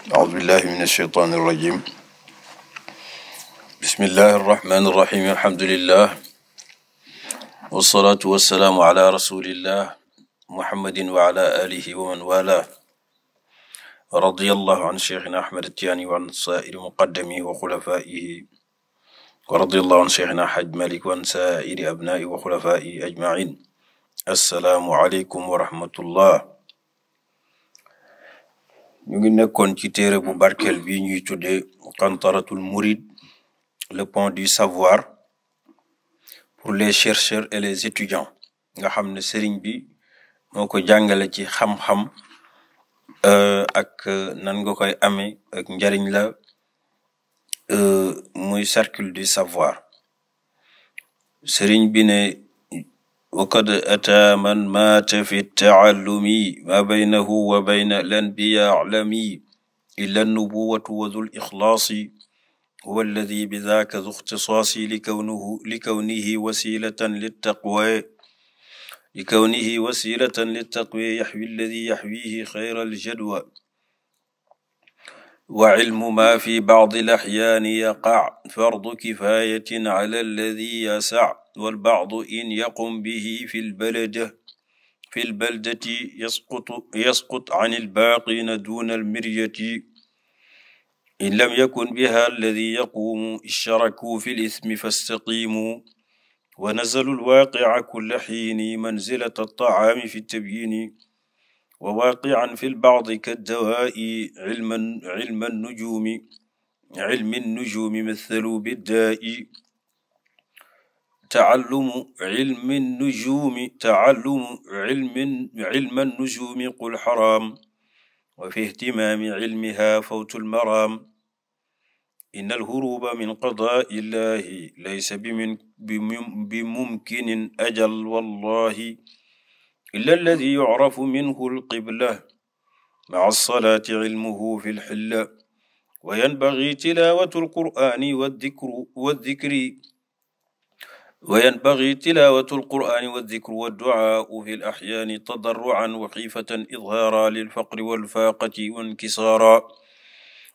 أعوذ بالله من الشيطان الرجيم بسم الله الرحمن الرحيم الحمد لله والصلاة والسلام على رسول الله محمد وعلى آله ومن والاه رضي الله عن شيخنا أحمد التياني وعن سائر مقدمه وخلفائه ورضي الله عن شيخنا حج مالك وعن سائر أبنائه وخلفائه أجمعين السلام عليكم ورحمة الله ñu ngi nekkoon ci téere bu barkeel bi ñuy tudde kantaratul murid le pont du savoir pour les chercheurs et les étudiants nga xam ne sëriñ bi moo ko jàngale ci xam-xam euh, ak euh, nan nga koy amee ak njariñ la euh, muy cercle du savoir sëriñ bi وقد أتى من مات في التعلم ما بينه وبين الأنبياء علمي إلا النبوة وذو الإخلاص هو الذي بذاك ذو اختصاص لكونه لكونه وسيلة للتقوى لكونه وسيلة للتقوى يحوي الذي يحويه خير الجدوى wa cilmu maa fi bacdi laxyaani yaqac fardu kifaayatin cala alladi yasac walbacdu in yaqum bihi fi lbalada fi lbaldati yasqut can ilbaaqiina duuna almiryati in lam yakun biha alladi yaquumu ishtarakuu fi lismi fastaqiimu wa nazalu alwaaqica kulla xiini manzilata altacaami fi tabyiini wa waaqian fi lbaadi kaddawaa'i ilman ilman nujuumi ilmi nujuumi mathalu biddaa'i taallumu ilmi nujuumi taallumu ilmi ilma nujuumi qul xaraam wa fi ihtimaami ilmiha fawtu lmaraam inna alhuruba min qadaa'i illahi laysa bimumkinin ajal wallahi illa alladi yucrafu minhu alqibla maca alsalaati cilmuhu fi lxilla wa yanbagi tilaawatu alqur'ani waddikru waddikri wa yanbagi tilaawatu alqur'ani waddikru wadducaau fi laxyaani tadarrucan wa xiifatan idhaara lilfaqri walfaaqati wankisaara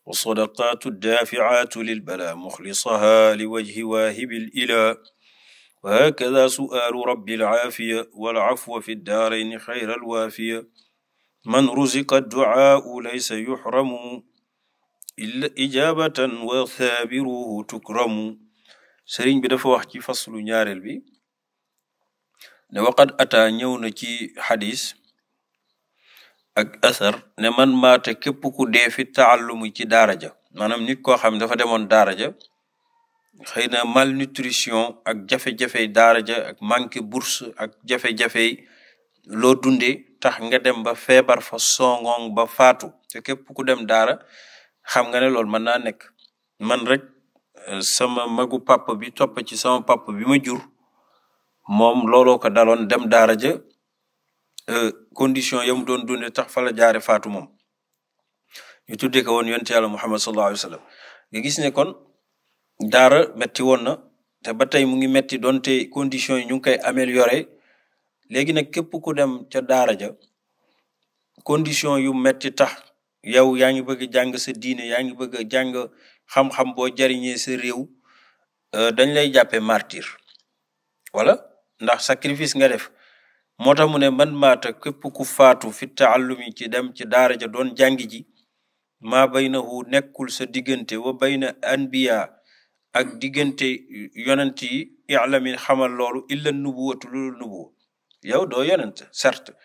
والصدقات الدافعات للبلاء مخلصها لوجه واهب الإله wa hakada su'aalu rabbi alcaafiya walcafwa fi daarayni xayra alwaafiya man ruziqa adducaau laysa yuxramu illa ijaabatan wa thaabiruhu tukramu sëriñ bi dafa wax ci faslu ñaareel bi ne waqad ataa ñëw na ci xadis ak asar ne man maata képp ku dee fi taallumi ci daara ja maanaam nit koo xam dafa demoon daara ja xëy na malnutrition ak jafe-jafe daara ja ak manque bourse ak jafe-jafe loo dundee tax nga dem ba feebar fa songong ba faatu te képp ku dem daara xam nga ne loolu mën naa nekk man rek euh, sama magu papa bi topp ci sama papa bi ma jur moom looloo ko daloon dem daara ja euh, condition yamu doon dunde tax fa la jaare faatu moom ñu tuddee ko woon yonte yàlla muhammad sallallahu alayhi nga gis ne kon daara metti woon na te ba tey mu ngi metti donte conditions yi ñu ngi koy améliorer léegi nag képp ku dem ca daara ja condition yu metti tax yow yaa ngi bëgg jàng sa diine yaa ngi bëgg jàng xam-xam boo jariñee sa réew euh, dañ lay jàppe martir wala ndax sacrifice nga def moo tax mu ne man maata képp ku faatu fi taallumi ci dem ci daara ja doon jàng ji maa baynahu nekkul sa diggante wa bayna anbiya ak diggante yonent yi ilamin xamal loolu illa nubuwatu lulu nubuwa yow doo yonent certes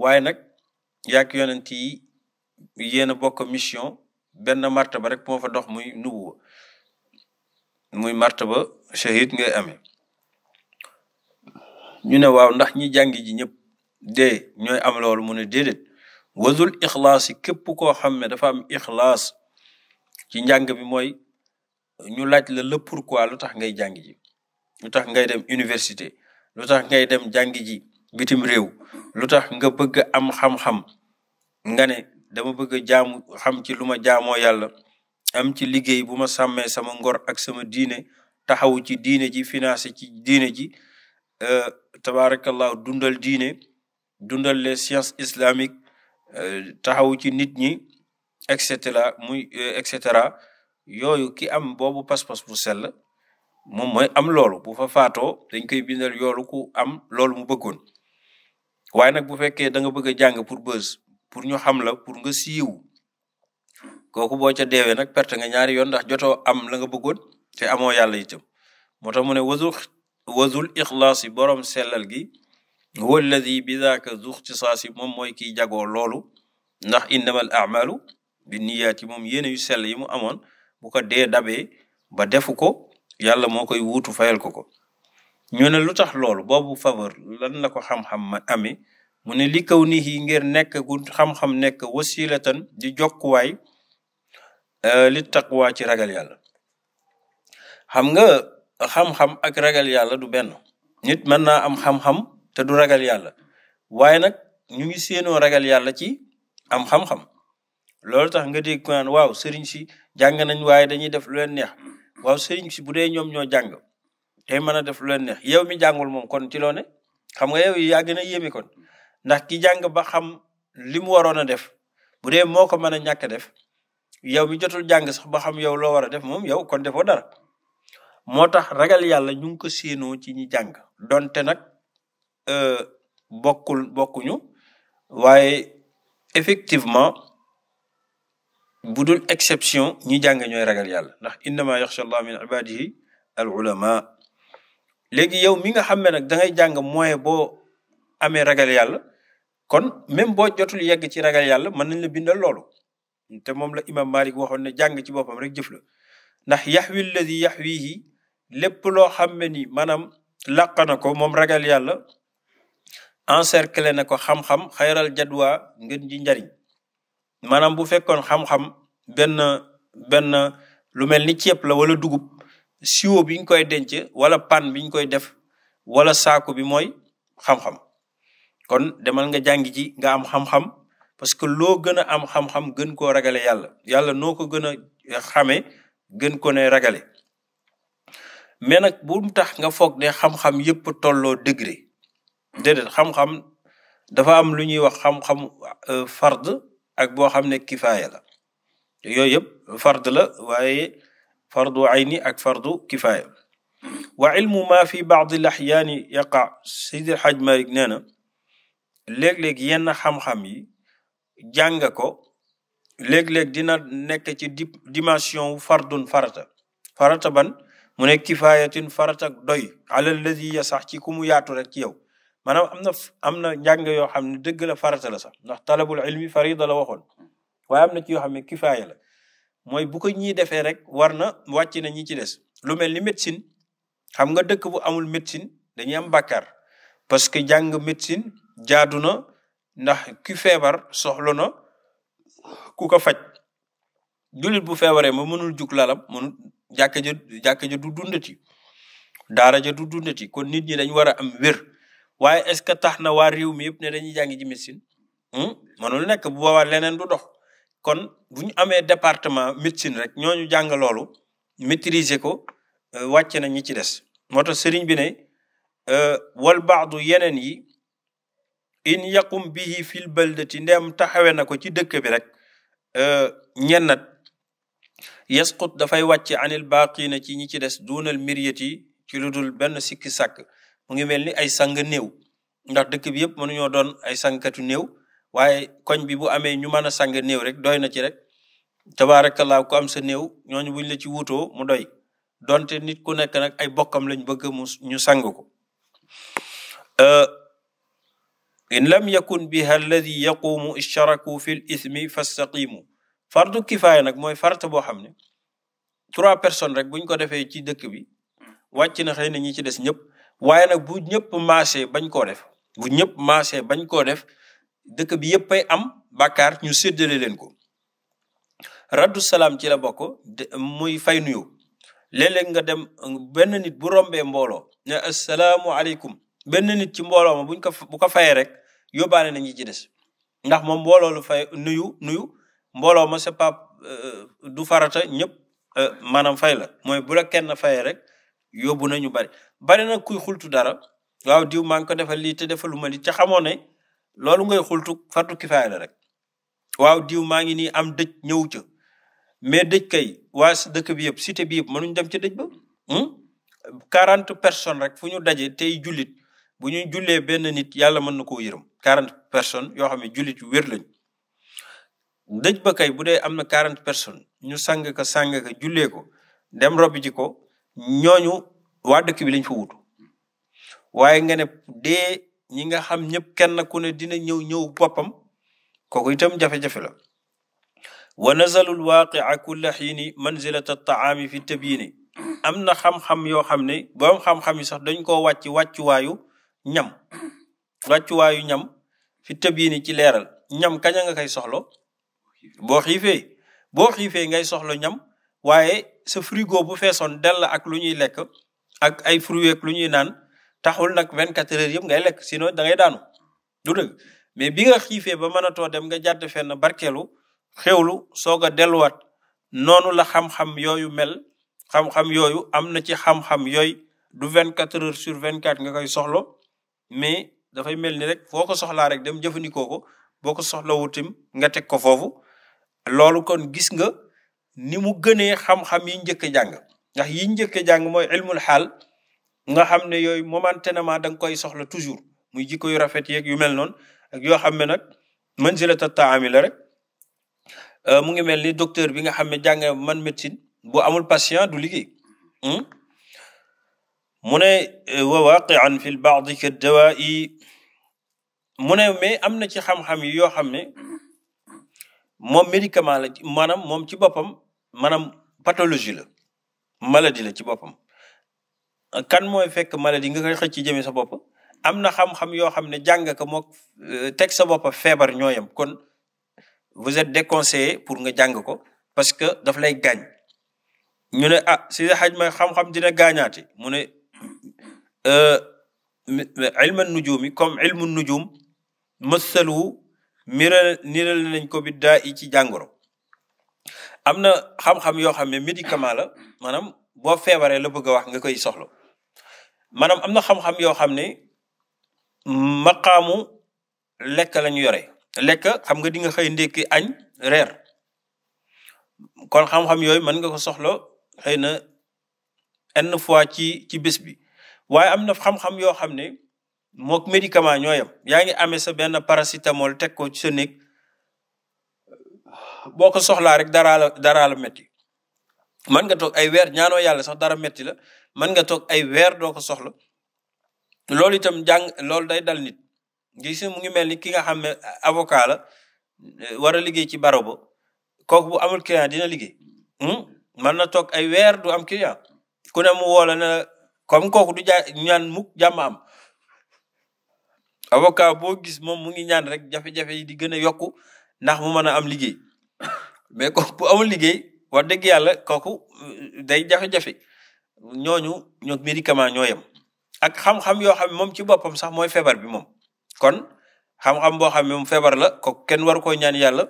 waaye nag yàq yonent yi yéen a bokk mission benn martaba rek moo dox muy nubuwa muy martaba shahid ngay amee ñu ne waaw ndax ñi jàngi ji ñëpp dee ñooy am loolu mu ne déedéet wazul ixlaas yi képp koo xam ne dafa am ixlaas ci njàng bi mooy ñu laaj la le pourquoi lu tax ngay jàng ji lu tax ngay dem université lu tax ngay dem jàngi ji bitim réew lu tax nga bëgg am xam-xam nga ne dama bëgg a jaamu xam ci lu ma jaamoo yàlla am ci liggéey bu ma sàmmee sama ngor ak sama diine taxawu ci diine ji financé ci diine ji euh, tabaarakallahu dundal diine dundal les sciences islamiques euh, taxawu ci nit ñi et cetera muy euh, et cetera yooyu ki am boobu pas-pas bu sell moom mooy am loolu bu fa faatoo dañ koy bindal yoolu ku am loolu mu bëggoon waaye nag bu fekkee da nga bëgg a jàng pour bës pour ñu xam la pour nga siiw kooku boo ca deewee nag perte nga ñaari yoon ndax jotoo am la nga bëggoon te amoon yàlla itam moo tax mu ne wazul wazul ixlaas yi boroom sellal gi huwa alladi bi daaka zu ixtisaas yi moom mooy kiy jagoo loolu ndax innamal amalu bi niyaat yi moom yéene yu sell yi mu amoon bu ko dee dabee ba defu ko yàlla moo koy wuutu fayal ko ko ñu ne lu tax loolu boobu faveur lan ko xam-xam amee mu ne li kaw nii yi ngir nekk gu xam-xam nekk wasilatan di jokkuwaay euh, li taqwa ci ragal yàlla xam nga xam-xam ak ragal yàlla du benn nit mën naa am xam-xam te du ragal yàlla waaye nag ñu ngi séenoo ragal yàlla ci am xam-xam loolu tax nga dégg ko naan waaw si jàng nañ waaye dañuy def lu leen neex si bu dee ñoom ñoo jàng tey mën a def lu leen yow mi jàngul moom kon ci loo xam nga yow yaa gën a yéeme kon ndax ki jàng ba xam li mu waroon a def bu dee moo ko mën a ñàkk def yow mi jotul jàng sax ba xam yow loo war a def moom yow kon defoo dara moo tax regal yàlla ñu ngi ko séenoo ci ñi jàng donte nag euh, bokkul bokkuñu waaye effectivement bu dul exception ñi jàng ñooy ragal yàlla ndax innama yaxsha allah min ibadihi al ulama léegi yow mi nga xam ne nag da ngay jàng moyen boo amee ragal yàlla kon même boo jotul yegg ci ragal yàlla mën nañ la bindal loolu te moom la imam malik waxoon ne jàng ci boppam rek jëf la ndax yaxwi alladi yaxwihi lépp loo xam ne ni maanaam làq na ko moom ragal yàlla encercler na ko xam-xam xayral jadwa ngën ji njariñ maanaam bu fekkoon xam-xam benn benn lu mel ni ceeb la wala dugub siwo biñ koy denc wala pan biñ koy def wala saako bi mooy xam-xam kon demal nga jàngi ji nga am xam-xam parce que loo gën a am xam-xam gën koo ragale yàlla yàlla noo ko gën a xamee gën ko ne ragale mais nag bu mu tax nga foog ne xam-xam yépp tolloo degré déedéet xam-xam dafa am lu ñuy wax xam-xam euh, fard ak boo xam ne kifaaya la te yooyu yëpp fard la waaye fardu ayni ak fardu kifaaya wa ilmu ma fi baadi laxyaani yaqa sidi xaj malik nee na léeg-léeg yenn xam-xam yi jàng ko léeg-léeg dina nekk ci dimension fardun farata farata ban mu ne kifaayatin farata doy ala alladi ya sax ci ku mu yaatu rek ci yow maanaam am na am na njàng yoo xam ne dëgg la farata la sax ndax talabul ilmi farida la waxoon waaye am na ci yoo xam ne kifaaya la mooy bu ko ñii defee rek war na wàcc na ñi ci des lu mel ni médecine xam nga dëkk bu amul médecine dañuy am bàkkaar parce que jàng médecine jaadu na ndax ki feebar soxla ku ko faj jullit bu feebaree ma mënul jug lalam mënul jàkka ja jàkka du dundati daara ja du dundati kon nit ñi dañ war a am wér waaye est-ce que tax na waa réew mi yëpp ne dañuy jàngi ji médecine hmm? mënul nekk bu boobaa leneen du dox kon bu ñu amee département médecine rek ñooñu jàng loolu maîtriser ko euh, wàcce na ñi ci des moo tax sëriñ bi ne euh, wal baax du yeneen yi in yaqum bihi fil baldati ndem taxawe na ko ci dëkk bi rek euh, ñennat yasqut dafay wàcce anil baaqina ci ñi ci des duunal miryati ci lu dul benn sikki sàkk mu ngi mel ni ay sang néew ndax dëkk bi yëpp mënuñoo doon ay sangkatu néew waaye koñ bi bu amee ñu mën a sang néew rek doy na ci rek tabaarakallaa ku am sa néew ñooñ buñ la ci wutoo mu doy donte nit ku nekk nag ay bokkam lañu bëgg mu ñu sang ko in lam yakun biha alladi yaqumu ishtaraku fi l ithmi fastaqimu fardu kifaaya nag mooy farata boo xam ne trois personnes rek buñ ko defee ci dëkk bi wàcc na xëy na ñi ci des ñëpp waaye nag bu ñëpp marché bañ koo def bu ñëpp marché bañ koo def dëkk bi yëpp ay am bàkkaar ñu séddale leen ko raddu salaam ci la bokk muy fay nuyu léeg nga dem benn nit bu rombee mbooloo ne assalaamu aleykum benn nit ci mbooloo ma buñ ko bu ko fayee rek yóbbaale na ñi ci des ndax moom mbooloo lu fay nuyu nuyu mbooloo ma c'est pas euh, du farata ñëpp euh, maanaam fay la mooy bu la kenn fayee rek yóbbu nañu bari bari na kuy xultu dara waaw diw maa ngi ko defal lii te defaluma lii te xamoo ne loolu ngay xultu fardu kifaaya la rek waaw diw maa ngi nii am dëj ñëw ca mais dëj kay waa dëkk bi yëpp cité bi yëpp mënuñ dem ca dëj ba hmm? quarante personnes rek fu ñu dajee tey jullit bu ñuy jullee benn nit yàlla mën na ko yërëm quarante personnes yoo xam ne jullit yu wér lañ dëj ba kay bu dee am na quarante personnes ñu sang ka sang ka jullee ko dem rob ko ñooñu waa dëkk bi lañ fa wutu waaye nga ne dee ñi nga xam ñëpp kenn ku ne dina ñëw ñëw boppam kooku itam jafe-jafe la wa nazalu lwaqia kulla xiini manzilata taami fi tabiini am na xam-xam yoo xam ne boom xam-xam yi sax dañ koo wàcc wàccuwaayu ñam wàccuwaayu ñam fi tabiini ci leeral ñam kañ a nga koy soxlo boo xiifee boo xiifee ngay soxlo ñam waaye sa frigo bu feesoon dell ak lu ñuy lekk ak ay fruits ak lu ñuy naan taxul nag 24 heures yëpp ngay lekk sinon da ngay daanu du dëgg mais bi nga xiifee ba mënatoo dem nga jàdd fenn barkeelu xewlu soog a delluwaat noonu la xam-xam yooyu mel xam-xam yooyu am na ci xam-xam yooyu du 24 heures sur vingt 24 nga koy soxlo mais dafay mel ni rek foo ko soxlaa rek dem jëfandikoo ko boo ko soxlawutim nga teg ko foofu loolu kon gis nga ni mu gënee xam-xam yi njëkk a jàng ndax yi njëkk jàng mooy ilmul xaal nga xam ne yooyu momentanément da nga koy soxla toujours muy jikko yu rafet yeeg yu mel noonu ak yoo xam ne nag manzilata taami la rek euh, mu ngi mel ni docteur bi nga xam ne jàng man médecine bu amul patient du liggéey hmm? mu ne euh, wa waqian fi l baadi ka dawaa yi mu ne mais am na ci xam-xam yi yoo xam ne moom médicament la maanaam moom ci boppam maanaam pathologie la maladie la ci boppam kan mooy fekk maladie nga koy xëcc ci jëmee sa bopp am na xam-xam yoo xam ne jàng ko mook euh, teg sa boppa feebar ñooyam kon vous êtes déconseillé pour nga jàng ko parce que daf lay gaañ ñu ne ah si xaj ma xam-xam dina gaañaati mu ne euh, ilma nujum yi comme ilmu nujum mësalu mira niral nañ ko bi daa yi ci jàngoro am na xam-xam yoo xam ne médicament la maanaam boo feebaree la bëgg a wax nga koy soxlo maanaam am na xam-xam yoo xam ne maqaamu lekk la ñu yore lekk xam nga di nga xëy ndékki añ reer kon xam-xam yooyu mën nga ko soxla xëy na n fois ci ci bés bi waaye am na xam-xam yoo xam ne mook médicament ñooyam yaa ngi amee sa benn paracétamol teg ko ci sa néeg boo ko soxlaa rek daraa la daraa mën nga toog ay weer ñaanoo yàlla sax dara métti la mën nga toog ay weer doo ko soxla loolu itam jàng loolu day dal nit gis mu ngi mel ni ki nga xam ne avocat la war a liggéey ci baro ba bu amul client dina liggéey hmm? mën na toog ay weer du am client ku mu woola ne kooku du jaa ñaan mukk jàmm boo gis moom mu ngi ñaan rek jafe-jafe yi di gën a yokku ndax mu mën a am liggéey mais kooku bu amul liggéey wax dëgg yàlla kooku euh, day jafe-jafe ñooñu ñoo médicament ñooyam ak xam-xam yoo xam ne moom ci boppam sax mooy feebar bi moom kon xam-xam boo xam ne moom feebar la kooku kenn waru ko ñaan yàlla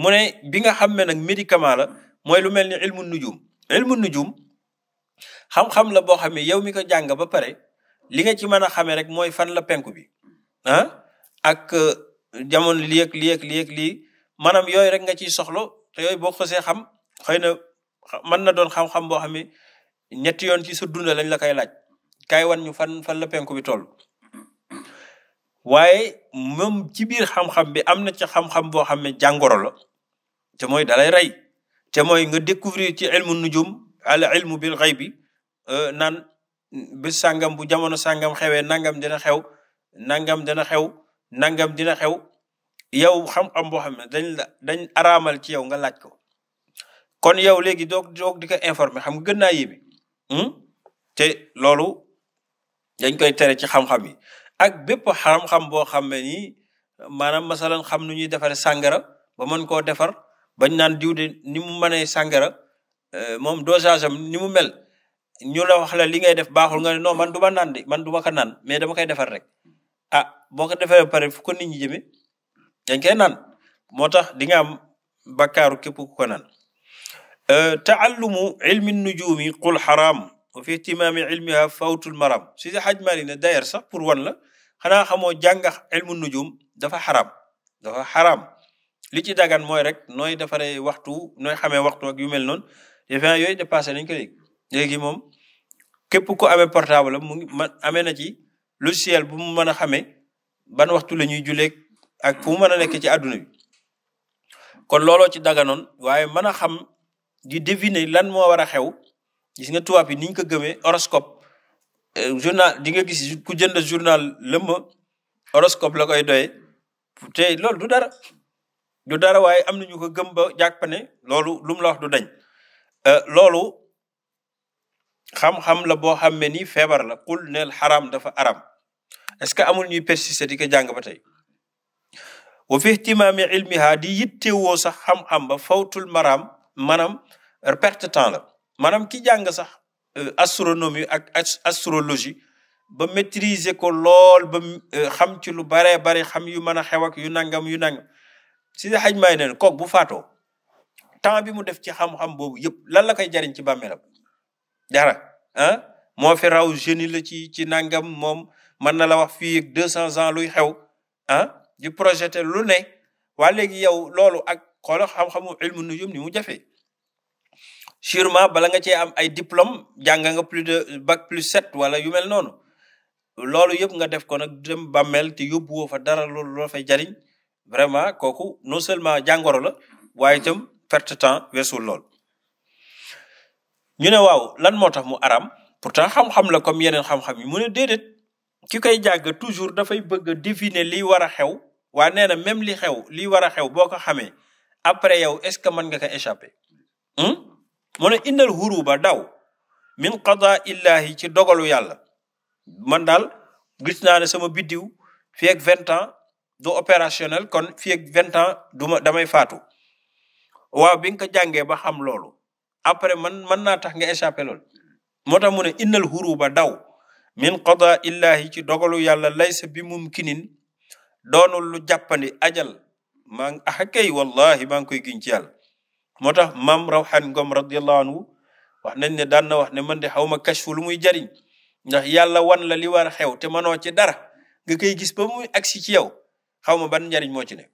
mu ne bi nga xam ne nag médicament la mooy lu mel ni ilmu nujum ilmu nujum xam-xam la boo xam ne yow mi ko jàng ba pare li nga ci mën a xamee rek mooy fan la penku bi ah? ak euh, jamono lii ak lii lii maanaam yooyu rek nga ciy soxla te yooyu boo ko xam xëy na mën na doon xam-xam boo xam ne ñetti yoon ci sa dunda lañ la koy laaj kaay wan ñu fan fan la penku bi toll. waaye moom ci biir xam-xam bi am na ci xam-xam boo xam ne jàngoro la te mooy dalay rey te mooy nga découvrir ci ilmu nujum ala ilmu bil xëy bi euh, naan bés sàngam bu jamono sàngam xewee nangam dina xew nangam dina xew nangam dina xew. yow xam-xam boo xam ne dañ la dañ araamal ci yow nga laaj ko kon yow léegi doog doog di ko informer xam nga gën naa yéeme hmm? te loolu dañ koy tere ci xam-xam ak bépp xam-xam boo xam ne ni maanaam masalan xam nu ñuy defaree sàngara ba mën koo defar bañ naan diw de ni mu mënee sàngara euh, moom dosage am ni mu mel ñu la wax la li ngay def baaxul nga ne non man du ma naan de man du ma naan mais dama koy defar rek ah boo ko defee ba pare fu ko nit ñi jëmee dañ koy naan moo tax di nga am bakkaaru képp ko naan euh, taallumu ilmi nujumi qul xaram wa fi ihtimaami ilmiha fawtul maram si xaj maali ne d'ailleurs sax pour wan la xanaa xamoo jàng ilmu nujum dafa xaram dafa xaram li ci dagan mooy rek nooy defaree waxtu nooy xamee waxtu ak yu mel noonu defe naa yooyu dépassé nañ ko léegi moom képp ku amee portable mu ngi man amee na ci logiciel bu mu mën a xamee ban waxtu la ñuy juleeg ak fu mu mën a nekk ci àdduna bi kon looloo ci daganoon waaye mën a xam di deviner lan moo war a xew gis nga tubaab yi niñ ko gëmee horoscope euh, journal di nga gis ku jënd journal lëmma horoscope la koy doye te loolu du dara du dara waaye am na ñu ko gëm ba jàpp ne loolu lu la wax du dañ euh, loolu xam-xam la boo xam ne ni feebar la qul neel xaram dafa aram est-ce que amul ñuy persister di ko jàng ba tey wa fi ihtimaami ilmiha di yittewoo sax xam-xam ba fawtul maraam maanaam euh, perte temps la maanaam ki jàng sax euh, astronomie ak astrologie ba maîtriser ko lool ba euh, xam ci lu baree bari xam yu mën a xew ak yu nangam yu nangam si xaj maay ne kook bu faatoo temps bi mu def ci xam-xam boobu yëpp lan la koy jariñ ci bàmmeelam dara ah moo fi raw génie la ci ci nangam moom mën na la wax fii deux cents ans luy xew ah? di projeté lu ne waa léegi yow loolu ak xoola xam-xamu ilmu nujum ni mu jafe sûrement bala nga ce am ay diplôme jàng nga plus de bac plus sept wala yu mel noonu loolu yëpp nga def ko nag dem bàmmeel te yóbbu woo fa dara loolu loo fay jariñ vraiment kooku non seulement jàngoro la waaye itam perte temps weesul lool ñu ne waaw lan moo tax mu aram pourtant xam-xam la comme yeneen xam-xam yi mu ne déedéet ki koy jàng toujours dafay bëgg a deviner liy war a xew waaye nee na même li xew li war a xew boo ko xamee après yow est ce que mën nga ko échapper hmm? mu ne indal huruba daw min qadaa illahi ci dogalu yàlla man daal gis naa ne sama biddiw fi ak vingt ans du opérationnel kon fi ak vingt ans du ma damay faatu waaw bi nga ko jàngee ba xam loolu après man mën naa tax nga échappé loolu moo tax mu ne innal huruba daw min qadaa illahi ci dogalu yàlla lay laysa bi mum mumkinin doonul lu jàppandi ajal maa ngi axa kay wallahi maa koy giñ ci yàlla moo tax maam Rawxaan Ngom radiallahu anhu wax nañ ne daan na wax ne man de xaw ma kashfu lu muy jariñ ndax yàlla wan la li war a xew te manoo ci dara nga koy gis ba muy agsi ci yow xaw ma ban njariñ moo ci ne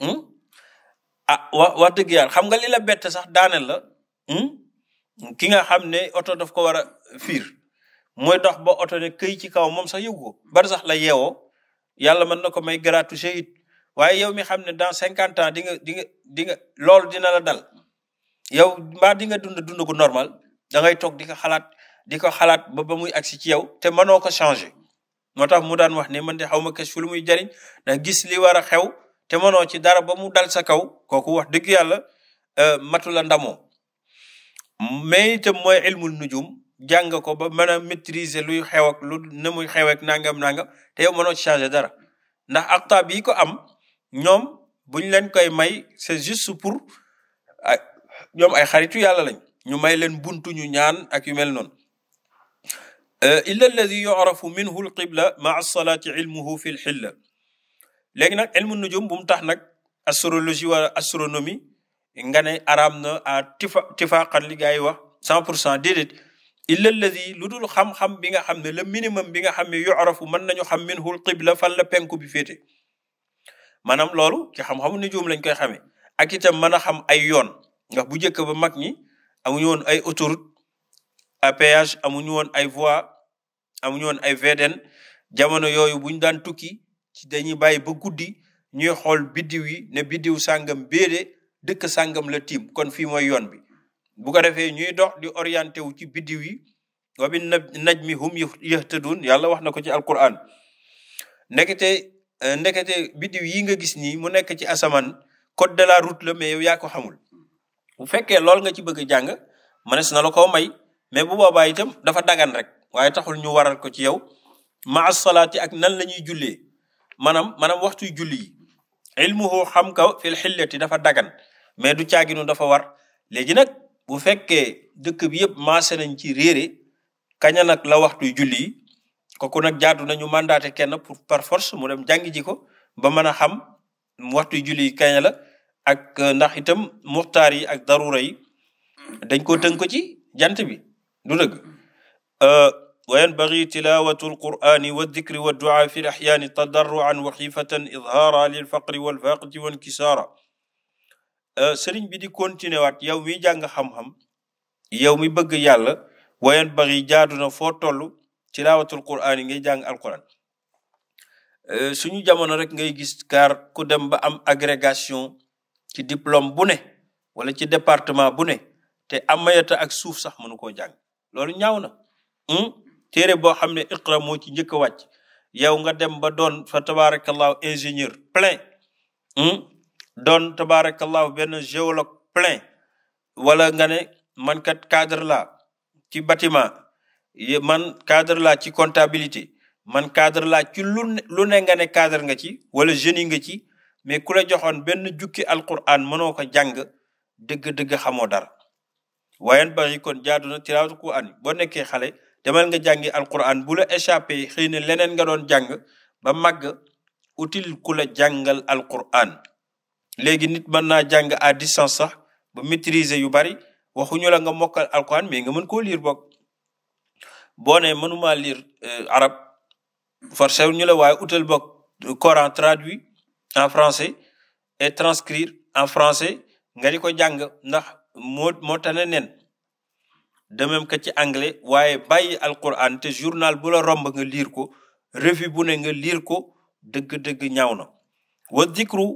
hmm? ah wa wax dëgg xam nga li la sax daaneel la hmm? ki nga xam ne oto daf ko war a fiir mooy tax ba oto ne këy ci kaw moom sax yëgu ko bari sax la yeewoo yàlla mën na ko may garaatu it waaye yow mi xam ne dans cinquante ans di nga di nga di loolu dina la dal yow mbaa di nga dund dund gu normal da ngay toog di ko xalaat di ko xalaat ba ba muy agsi ci yow te mënoo ko changé moo tax mu daan wax ne man de xaw ma kës fu lu muy jariñ ndax gis li war a xew te mënoo ci dara ba mu dal sa kaw kooku wax dëgg yàlla euh, matu la ndamoo mais itam mooy ilmul nujum jàng ko ba mën a luy xew ak lu ne muy xew ak nangam nangam te yow mënoo ci changer dara ndax aqtaab yi ko am ñoom buñ leen koy may c'est juste pour ñoom ay xaritu yàlla lañ ñu may leen buntu ñu ñaan ak yu mel noonu euh, illa alladi yu'rafu minhu alqibla ma'a salaati ilmuhu fi lxilla léegi nag ilmu nujum bu mu tax nag astrologie wala astronomie nga ne araam na à tifa tifaaqan li gaa yi wax cent pour cent déedéet illa alladi lu dul xam-xam bi nga xam ne le minimum bi nga xam ne yu'rafu mën nañu xam minhul qibla fan la penku bi féete maanaam loolu ci xam-xamu nujum lañ koy xamee ak itam mën a xam ay yoon ndax bu njëkk ba mag ñi amuñu woon ay autoroute à péage amuñu woon ay voie amuñu woon ay VDN jamono yooyu buñ daan tukki ci dañuy bàyyi ba guddi ñuy xool biddiw yi ne biddiw sàngam béede dëkk sangam la tiim kon fii mooy yoon bi bu ko defee ñuy dox di orienté wu ci biddiw yi wa bi najmi hum yahtadun yàlla wax na ko ci alquran ndekete euh, ndekete biddiw yi nga gis nii mu nekk ci asamaan code de la route la mais yow yaa ko xamul bu fekkee lool nga ci bëgg a jàng mënees na la koo may mais bu boobaa itam dafa dagan rek waaye taxul ñu waral ko ci yow maa salaati ak nan la ñuy jullee maanaam maanaam waxtuy julli yi ilmuhu xam ka fil xillati dafa daggan mais du caaginu dafa war léegi nag bu fekkee dëkk bi yëpp maase nañ ci réere kaña la waxtu julli yi kooku nag jaadu nañu mandaté kenn pour par force mu dem jàngi ji ko ba mën a xam waxtu julli yi kaña la ak euh, ndax itam muxtaar yi ak darura yi dañ ko tënk ko ci jant bi du dëgg euh, wa yanbagi tilawatu alqurani wa dikri wa duaa fi l axyaani tadarruan wa xiifatan idhaara lilfaqri walfaqati wa inkisaara Euh, sëriñ bi di continuer waat yow mi jàng xam-xam yow mi bëgg yàlla wayen bari jaadu na foo tollu ci laawatul quraan yi ngay jàng alquran euh, suñu jamono rek ngay gis car ku dem ba am agrégation ci diplom bu ne wala ci département bu ne te amayata ak suuf sax mënu ko jàng loolu ñaaw na hmm? téere boo xam ne iqra moo ci njëkk wàcc yow nga dem ba doon fa tabarakallahu ingénieur plein hmm? doon tabarakallahu benn géologue plein wala nga mankat man cadre la ci bâtiment man cadre la ci comptabilité man cadre la ci lu lu ne nga ne cadre nga ci wala jeune yi nga ci mais ku la joxoon benn jukki alquran mënoo ko jàng dëgg-dëgg xamoo dara waaye ba kon jaadu na tilaawatu quran boo nekkee xale demal nga jàngi alquran bu la échappé xëy na leneen nga doon jàng ba màgg utile ku la jàngal alquran léegi nit mën naa jàng à distance sax ba maîtriser yu bari waxuñu la nga mokkal alquran mais nga mën koo liir bokk boo ne mënuma liir euh, arab forcé ñu la waaye utal bokk Coran traduit en français et transcrire en français nga di ko jàng ndax moo moo tane nen de même que ci anglais waaye bàyyi alquran te journal bu la romb nga liir ko revue bu ne nga liir ko dëgg-dëgg ñaaw na wa dikru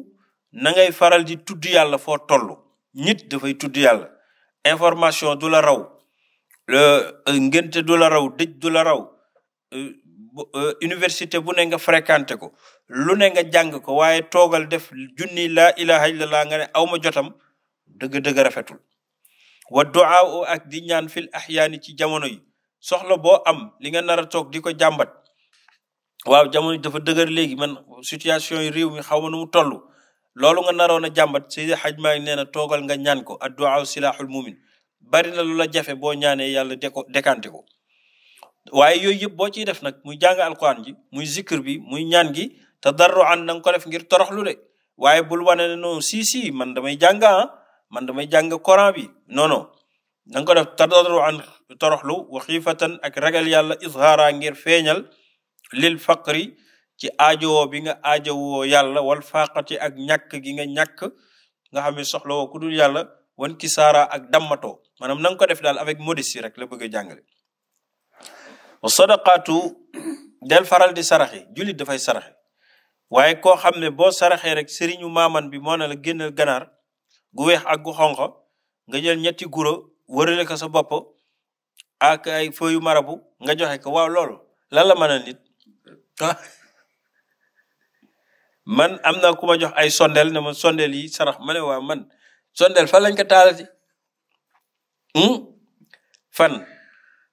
na ngay faral di tudd yàlla foo toll nit dafay tudd yàlla information du la raw euh, ngénte du la raw dëj du la raw euh, euh, université bu ne nga fréquenté ko lu ne nga jàng ko waaye toogal def junni laa ilaha illallah nga ne aw ma jotam dëgg-dëgg rafetul wa duaa o ak di ñaan fil axyaani ci jamono yi soxla boo am li nga nara a toog di ko jàmbat waaw jamono yi dafa dëgër léegi man situation yi réew mi xaw ma nu mu toll loolu nga naroon a jàmbat Seydi Haj Maalik nee na toogal nga ñaan ko adduwaa silaaxul mumin bari na lu la jafe boo ñaanee yàlla de ko dékante ko waaye yooyu yëpp boo ciy def nag muy jàng alquran ji muy zikr bi muy ñaan gi te darru an na nga ko def ngir toroxlu de waaye bul wane ne non si si man damay jàng ah man damay jàng Coran bi non non na nga ko def tadarru an toroxlu wa xiifatan ak ragal yàlla izhaara ngir feeñal lil faqri ci aajowoo bi nga aajowoo yàlla wal faaqati ak ñàkk gi nga ñàkk nga xam ne soxla woo ku dul yàlla wan kisaara ak dammatoo maanaam na nga ko def daal avec modestie rek la bëgg a jàngale wa sadaqaatu del faral di saraxe julit dafay saraxe waaye koo xam ne boo saraxee rek sëriñu maaman bi moo ne la génnal ganaar gu weex ak gu xonq nga jël ñetti guro wërale ko sa bopp ak ay feuilles marabu nga joxe ko waaw loolu lan la man am na ku ma jox ay sondel na ma sondeel yi sarax ma ne waa man sondel fan lañ ko taalati hmm? fan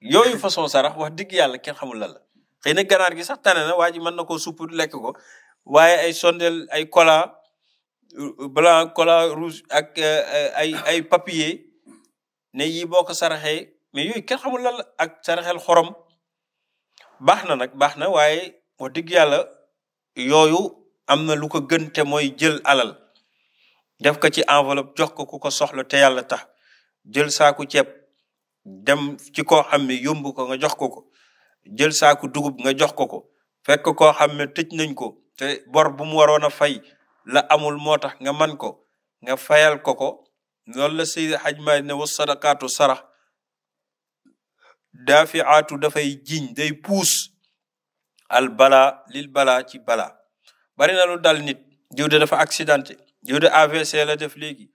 yooyu façon sarax wax dëgg yàlla kenn xamul la la xëy na ganaar gi sax tane na waa ji mën na koo supp lekk ko waaye ay sondel ay cola blanc kola rouge ak eh, ay ay papier ne yi boo ko saraxee mais yooyu kenn xamul la ak saraxel xorom baax na nag baax na waaye wax dëgg yàlla yooyu am na lu ko gën te mooy jël alal def ko ci enveloppe jox ko ku ko soxla te yàlla tax jël saaku ceeb dem ci ko xam ne yomb ko nga jox ko ko jël saaku dugub nga jox ko ko fekk koo xam ne tëj nañ ko te bor bu mu waroon a fay la amul moo tax nga man ko nga fayal ko ko loolu la Seydi Hajj Maalik ne wa sadaqaatu sarax daafiaatu dafay jiñ day puus al bala lil bala ci bala bari na lu dal nit diw de dafa accidenté diw de AVC la def léegi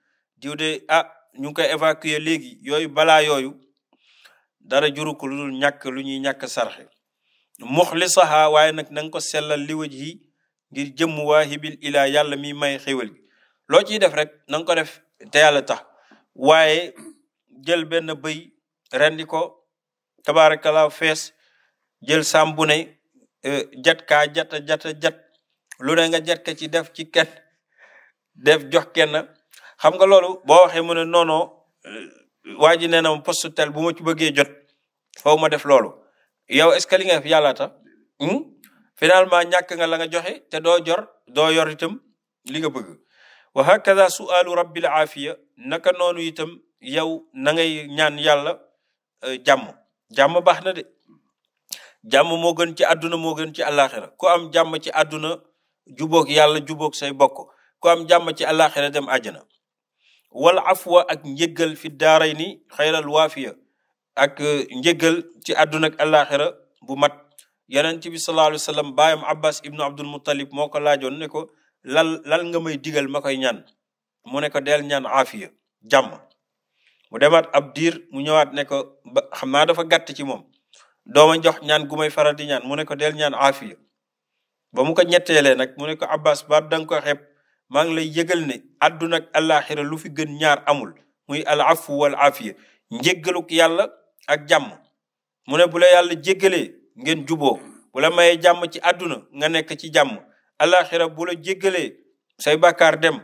diw de ah ñu ngi koy évacuer léegi yooyu balaa yooyu dara juru ko lu dul ñàkk lu ñuy ñàkk sarxe muxlisaha waaye nag na nga ko sellal li waj yi ngir jëmm waahibil ilaa yàlla mi may xéwal gi loo ciy def rek na ko def te yàlla tax waaye jël benn bëy rendi ko tabaarakallaa fees jël sàmbune eh, jat kaa jata jata jat lu ne nga jot ko ci def ci kenn def jox kenn xam nga loolu boo waxee mu ne noono euh, waa ji nee na ma poste tel bu ma ci bëggee jot faw ma def loolu yow est ce que li nga fi yàlla tax hmm? finalement ñàkk nga la nga joxe te doo jor doo yor itam li nga bëgg wa hakaza sualu rabbil aafiya naka noonu itam yow na ngay ñaan yàlla euh, jàmm jàmm baax na de jàmm moo gën ci àdduna moo gën ci àllaaxira ku am jàmm ci àdduna jubóog yàlla jubóog say bokk ku am jàmm ci àllaaxira dem àjjana wala afwa ak njëggal fi daaray ni xayral waafiya ak eh, njëggal ci àdduna ak àllaaxira bu mat ci bi sallallahu alayhi wa baayam abbas ibnu abdul muttalib moo ko laajoon ne ko lal lal nga may digal ma koy ñaan mu ne ko del ñaan aafiya jàmm mu demaat ab diir mu ñëwaat ne ko ba xam naa dafa gàtt ci moom dooma jox ñaan gu may faral di ñaan mu ne del ñaan aafiya ba mu ko ñetteelee nag mu ne ko abbas ba da nga ko xep maa ngi lay yëgal ne àdduna ak lu fi gën ñaar amul muy al afu wal afiya njéggaluk yàlla ak jàmm mu ne bu la yàlla jéggalee ngeen juboo bu maye mayee jàmm ci àdduna nga nekk ci jàmm àllaaxira bu la jéggalee say bàkkaar dem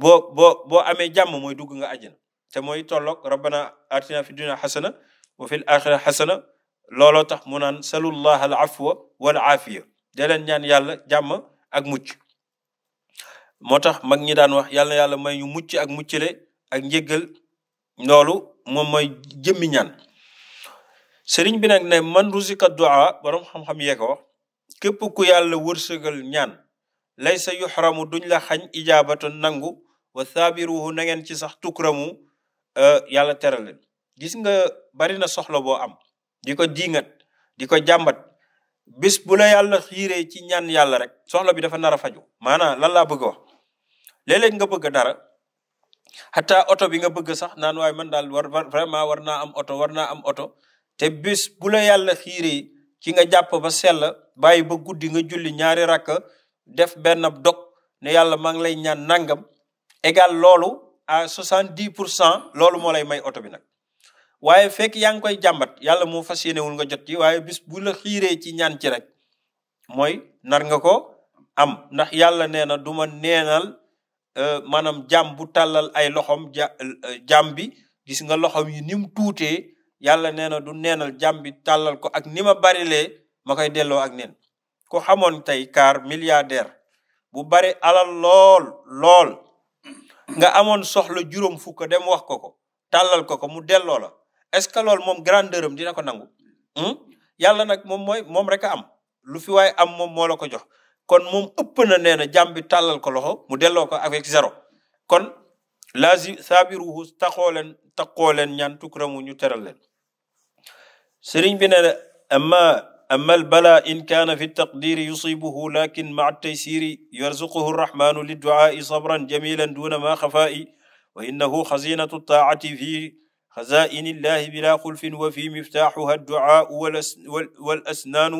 boo boo boo amee jàmm mooy dugg nga àjjana te mooy tolloog rabbana atina fi dunya xasana wa fil axira xasana looloo tax mu naan salullaha al afwa wal aafiya dee leen ñaan yàlla jàmm ak mucc moo tax mag ñi daan wax yàlla yàlla may ñu mucc ak muccale ak njéggal loolu moom mooy jëmmi ñaan sëriñ bi nag ne man rusika du'a boroom xam-xam yee wax képp ku yàlla wërsëgal ñaan laysa yuxramu duñ la xañ ijaabatan nangu wa thaabiruhu na ngeen ci sax tukramu euh, yàlla teral leen gis nga bari na soxla boo am di ko diingat di ko jàmbat bis bu la yàlla xiiree ci ñaan yàlla rek soxla bi dafa nara a faju maanaam lan laa bëgg wax léeg nga bëgg dara xataa oto bi nga bëgg sax naan waaye man daal war vraiment war naa am oto war naa am oto te bis bu yàlla xiiree ci nga jàpp ba sella bàyyi ba guddi nga julli ñaari rakk def benn dog ne yàlla maa ngi lay ñaan nangam égal loolu a soixante-dix pour cent loolu moo lay may oto bi nag waaye fekk yaa koy jàmbat yàlla mu fas yéenewul nga jot ci waaye bis bu la xiiree ci ñaan ci rek mooy nar nga ko am ndax yàlla nee na du ma neenal euh, maanaam jaam bu tàllal ay loxom ja euh, bi gis nga loxom yi ni mu tuutee yàlla nee na du neenal jaam bi tàllal ko ak ni ma barilee ma koy delloo ak neen ko xamoon tey kar milliardaire bu bari alal lool lool nga amoon soxla juróom fukk dem wax ko ko tàllal ko ko mu delloo la est-ce que loolu moom grandeur dina ko nangu hmm? yàlla nag moom mooy moom rek a am lu fi waaye am moom moo la ko jox kon moom ëpp na nee na jàmm bi tàllal ko loxo mu delloo ko avec zéro kon laasi saabiruhu taxoo leen leen ñaan tukramu ñu teral leen sëriñ bi nee na amma amma al in kaana fi taqdiri yusibuhu lakin maa taysiri yarzuquhu rrahmanu lidduaai sabran jamilan duna ma xafaa'i wa innahu xazinatu taati fii xazaini illahi bila xulfin wa fi miftaaxuha adducaau wal asnaanu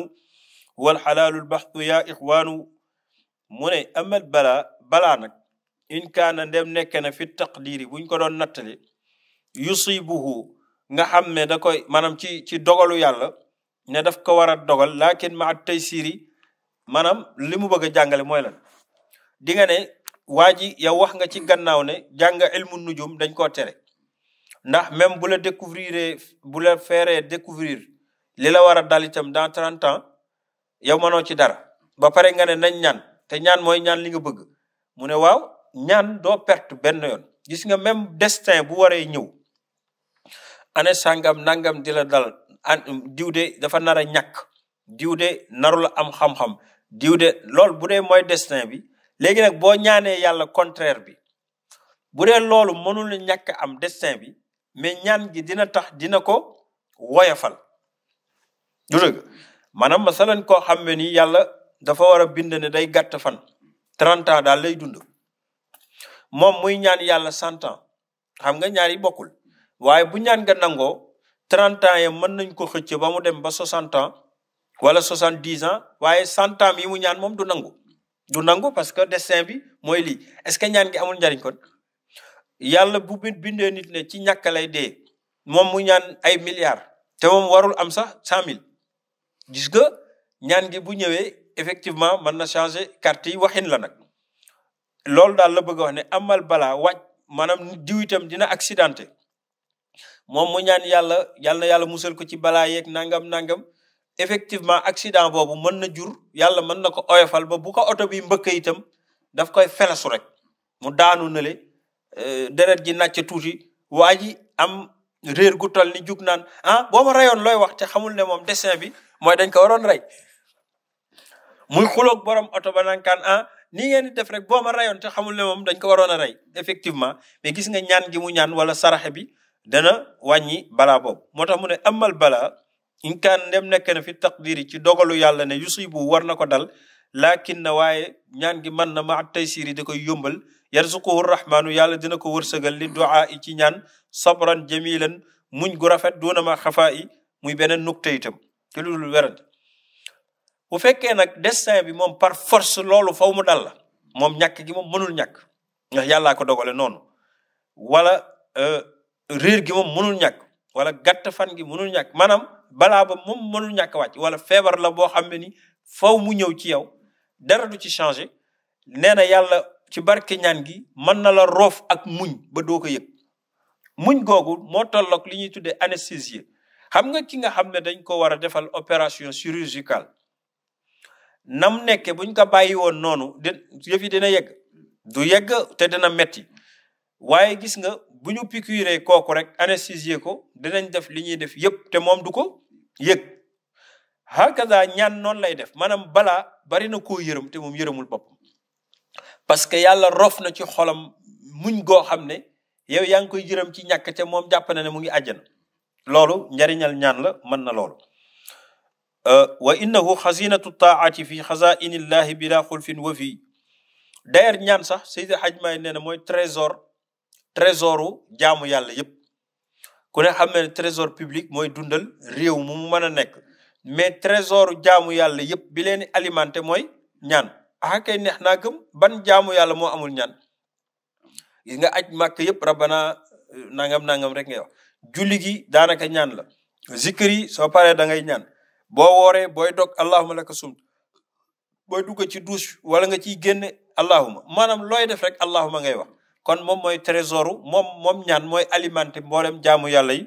walxalaalu lbaxtu yaa ixwaanu mu ne amal bala balaa nag in kaana ndem nekk na fi taqdiri buñ ko doon nattale yusibuhu nga xam ne da koy maanaam ci ci dogalu yàlla ne daf ko war a dogal lakin ma tey siri maanaam li mu bëgg a jàngale mooy lan di nga waa ji yow wax nga ci gannaaw ne jàng ilmu nujum dañ koo tere ndax même bu la découvrir bu la feeree découvrir li la war a dal dans trente ans yow mënoo ci dara ba pare nga ne nañ ñaan te ñaan mooy ñaan li nga bëgg mu ne waaw ñaan doo perte benn yoon gis nga même destin bu waree ñëw ane sàngam nangam di dal diw de dafa nar a ñàkk diw de narul am xam-xam diw de loolu bu dee mooy destin bi léegi nag boo ñaanee yàlla contraire bi bu dee loolu mënul ñàkk am destin bi mais ñaan gi dina tax dina ko woyafal du dëgg maanaam masalan koo xam ne ni yàlla dafa war a bind ne day gàtt fan trente daal lay dund moom muy ñaan yàlla cent xam nga ñaari yi bokkul waaye bu ñaan nga nangoo trente ans ya mën nañ ko xëcc ba mu dem ba soixante ans wala soixante dix an waaye cent ans yi mu ñaan moom du nangu du nangu parce que destin bi mooy lii est ce que ñaan gi amul njariñ kon yàlla bu bindee nit ne ci ñàkk lay dee moom mu ñaan ay milliards te moom warul am sax cent mille gis nga ñaan gi bu ñëwee effectivement mën na changer carte yi waxin la nag loolu daal la bëgg wax ne amal bala wàcc maanaam diw itam dina accidenté moom mu ñaan yàlla yàlla na yàlla musal ko ci balaa yeeg nangam nangam effectivement accident boobu mën na jur yàlla mën na ko oyofal ba bu ko oto bi mbëkk itam daf koy felesu rek mu daanu nale Euh, deret ji nàcc tuuti waa ji am réer gu toll ni jug naan ah boo ma rayoon looy wax te xamul ne moom dessin bi mooy dañ ko waroon rey muy xuloog borom oto ba nankaan ah nii ngeen def rek boo ma rayoon te xamul ne moom dañ ko waroon a rey effectivement mais gis nga ñaan gi mu ñaan wala saraxe bi dana wàññi balaa boobu moo tax mu ne amal bala in kaan ndem nekk na fi taqdiri ci dogalu yàlla ne yusibu war na ko dal laakin na waaye ñaan gi mën na ma at taysiri da koy yombal yarzuquhu rahmaanu yàlla dina ko wërsëgal li duaa yi ci ñaan sabran jamilan muñ gu rafet duuna ma xafaa yi muy beneen nukta itam ci lu dul werante bu fekkee nag destin bi moom par force loolu faw mu dal moom ñàkk gi moom mënul ñàkk ndax yàllaa ko dogale noonu wala euh, réer gi moom mënul ñàkk wala gàtt fan gi mënul ñàkk maanaam balaa ba moom mënul ñàkk wàcc wala feebar la boo xam ne ni faw mu ñëw ci yow dara du ci changé nee na ci barke ñaan gi mën na la roof ak muñ ba doo ko yëg muñ googu moo tollook li ñuy tuddee anesthésie xam nga ki nga xam ne dañ ko war a defal opération chirurgicale nam nekke buñ ko bàyyi woon noonu de yi dina yegg du yegg te dina metti waaye gis nga bu ñu piqûre kooku rek anesthésier ko dinañ def li ñuy def yëpp te moom du ko yëg hakaza ñaan noonu lay def maanaam balaa bari na koo yërëm te moom yërëmul boppam parce que yàlla rof na ci xolam muñ goo xam ne yow yaa ngi koy jërëm ci ñàkk ca moom jàpp na ne mu ngi àjjana loolu njariñal ñaan la mën na loolu euh, wa innahu xazinatu taati fi xazaini llahi bila xulfin wa fii d'ailleurs ñaan sax Seydi Hajj ma nee na mooy trésor trésoru jaamu yàlla yépp ku ne xam ne trésor public mooy dundal réew mu mu a nekk mais trésoru jaamu yàlla yépp bi leen alimenté mooy ñaan ah kay neex naa gëm ban jaamu yàlla moo amul ñaan gis nga aj màkk yëpp rabbana euh, nangam nangam rek ngay wax julli gi daanaka ñaan la zikr yi soo paree da ngay ñaan boo woore booy dog allahuma laka sum booy dugg ci douche wala nga ciy génne allahuma maanaam looy def rek allahuma ngay wax kon moom mooy trésoru moom moom ñaan mooy alimenté mboolem jaamu yàlla yi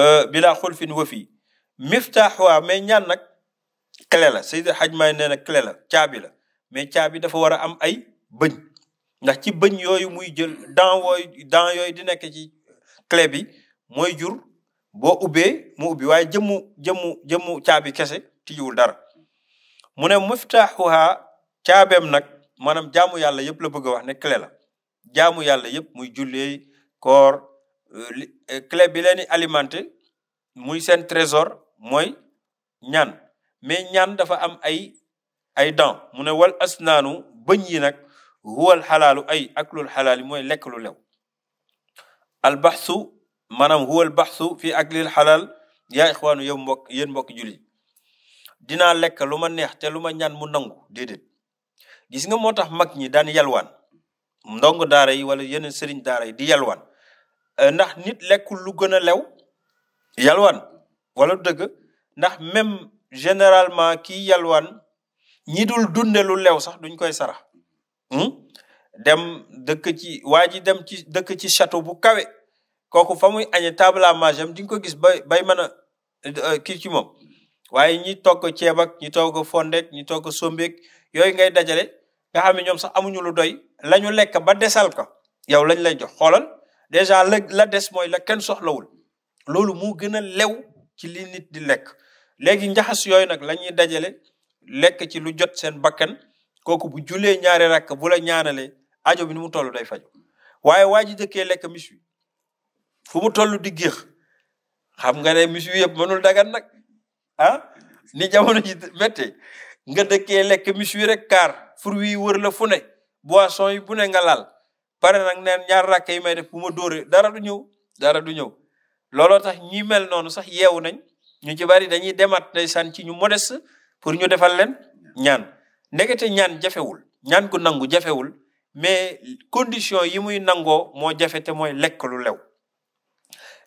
euh, bila xulfin wa fii miftaax waa mais ñaan nag clé la Seydi Hajj Maay nee na clé la caabi la mais caabi dafa war a am ay bëñ ndax ci bëñ yooyu muy jël dent wooyu dent yooyu di nekk ci clé bi mooy jur boo ubbee mu ubbi waaye jëmmu jëmmu jëmmu caabi kese tijjiwul dara mu ne muftaaxuha caabeem nag maanaam jaamu yàlla yëpp la bëgg a wax ne clé la jaamu yàlla yëpp muy jullee koor euh, euh, clé bi leen di muy seen trésor mooy ñaan mais ñaan dafa am ay ay dents mu ne wal asnaanu bëñ yi nag huwal xalaalu ay aklul xalaali mooy lekk lu lew albaxsu maanaam huwal baxsu fii aklil xalaal yaa ixwaanu yow mbokk yéen mbokk julli dinaa lekk lu ma neex te lu ma ñaan mu nangu déedéet gis nga moo tax mag ñi daan yalwaan ndong daara yi wala yeneen sëriñ daara yi di yalwaan euh, ndax nit lekkul lu gën a lew yalwaan wala dëgg ndax même généralement kii yalwaan ñi dul dunde lu lew sax duñ koy sarax hmm? dem dëkk ci waa ji dem ci dëkk ci château bu kawe kooku fa muy añe table à di ko gis bay bay mën a euh, euh, kii ci moom waaye ñi togg ceeb ak ñi togg fondeek ñi togg sombeek yooyu ngay dajale nga xam ñoom sax amuñu lu doy lañu lekk ba desal ko yow lañ lay jox xoolal dèjà la la des mooy la kenn soxlawul loolu mu gën a lew ci li nit di lekk léegi njaxas yooyu nag la ñuy dajale lekk ci lu jot seen bakkan kooku bu julee ñaari rakk bu la ñaanale ajo bi ni mu toll day faj waaye waa ji dëkkee lekk mis wi fu mu toll di géex xam nga ne mis wi yëpp mënul daga nag ah ni jamono ji métte nga dëkkee lekk mis wi rek kaar fur wi wër la fu ne boisson yi bu ne nga laal pare nag neen ñaar rakk yi may def bu ma dooree dara du ñëw dara du ñëw looloo tax ñi noonu sax yeewu nañ ñu ci bari dañuy demaat ci ñu modeste pour ñu defal leen ñaan ndekete ñaan jafewul ñaan gu nangu jafewul mais condition yi muy nangoo moo jafe te mooy lekk lu lew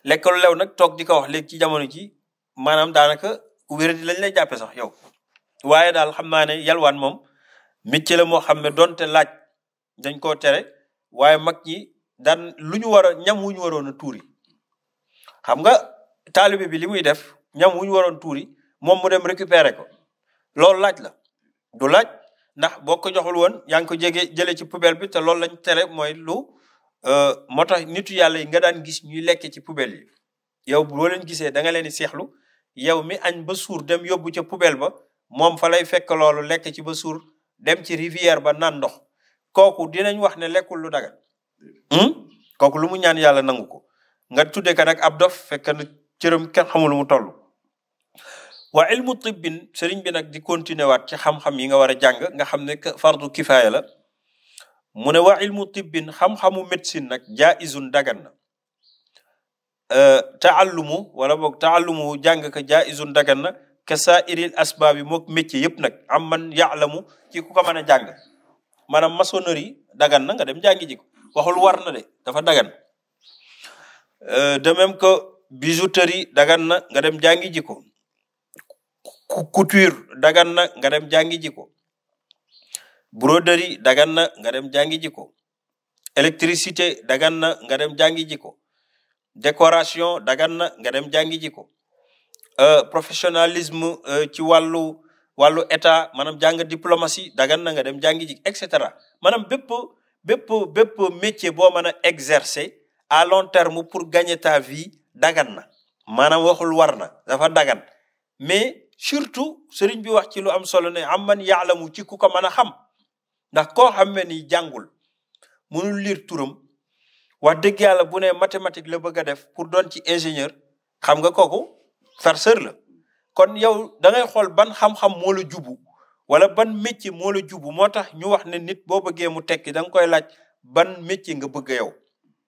lekk lu lew nag toog di ko wax léegi ci jamono ji maanaam daanaka wér di lañ lay jàppe sax yow waaye daal xam naa ne yalwaan moom métier la moo xam ne donte laaj dañ koo tere waaye mag ñi daan lu ñu war a ñam wu waroon a tuuri xam nga taalibe bi li muy def ñam wuñu waroon tuuri moom mu dem récupérer ko loolu laaj la du laaj ndax boo ko joxul woon yaa ngi ko jege jële ci poubelle bi te loolu lañ tere mooy lu euh, moo tax nitu yàlla yi nga daan gis ñuy lekke ci poubelle yi yow boo leen gisee da nga leen di seexlu yow mi añ ba suur dem yóbbu ca poubelle ba moom fa lay fekk loolu lekk ci ba suur dem ci rivière ba naan ndox kooku dinañ wax ne lekkul lu dagat hmm? kooku lu mu ñaan yàlla nangu ko nga tuddee ka nag ab dof fekk na cërëm kenn xamul mu toll wa ilmu tibbin sëriñ bi nag di continuer waat ci xam-xam yi nga war a jàng nga xam ne fardu kifaaya la mu ne wa ilmu tibbin xam-xamu médecine nag jaizun dagan na euh, taallumu wala boog taallumu jàng ka jaizun dagan na ka saairil asbaab yi mook métier yëpp nag am man yaalamu ci ku ko mën a jàng maanaam maçonnerie dagan na nga dem jàngi ji ko waxul war de dafa dagan euh, de même que bijouterie dagan na nga dem jàngi ji ko couture dagan na nga dem jàngi ji ko broderie dagan na nga dem jàngi ji ko électricité dagan na nga dem jàngi ji ko décoration dagan na nga dem jàngi ji ko euh, professionnalisme euh, ci wàllu wàllu état maanaam jàng diplomatie dagan na nga dem jàngi ji et cetera maanaam bépp bépp bépp métier boo mën a exercer à long terme pour gagner ta vie dagan na maanaam waxul war na dafa dagan mais surtout sëriñ bi wax ci lu am solo ne am man yaalamu ci ku ko mën a xam ndax koo xam ne ni jàngul mënul liir turam wax dëgg yàlla bu ne mathématique la bëgg a def pour doon ci ingénieur xam nga kooku farceur la kon yow da ngay xool ban xam-xam moo la jubu wala ban métier moo la jubu moo tax ñu wax ne nit boo bëggee mu tekki da nga koy laaj ban métier nga bëgg yow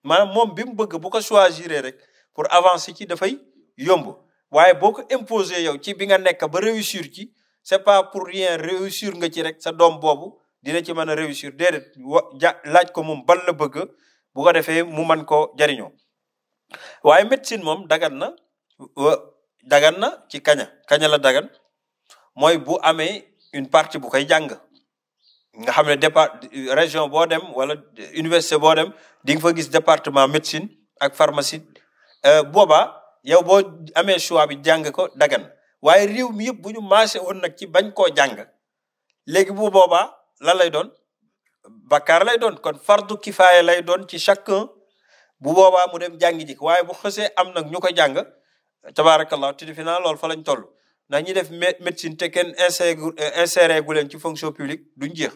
maanaam moom bi mu bëgg bu ko choisir rek pour avancer ci dafay yomb waaye boo ko imposé yow ci bi nga nekk ba réussir ci c'est pas pour rien réussir nga ci rek sa doom boobu dina ci mën a réussir déedéet wa ja laaj ko moom ban la bëgg bu ko defee mu man ko jariñoo waaye médecine moom dagan na dagan na ci kaña kaña la dagan mooy bu amee une partie bu koy jàng nga xam ne départ région boo dem wala université boo dem di nga fa gis département médecine ak pharmacie euh, boobaa yow boo amee choix bi jàng ko dagan waaye réew mi yëpp bu ñu marché woon nag ci bañ koo jàng léegi bu boobaa lan lay doon bakkaar lay doon kon fardu kifaaya lay doon ci chacun bu boobaa mu dem jàngi ji waaye bu xësee am nag ñu ko jàng tabaarakallah ti fi naa lool fa lañ toll ndax ñi def médecine te kenn euh, inséré gu leen ci fonction publique du jeex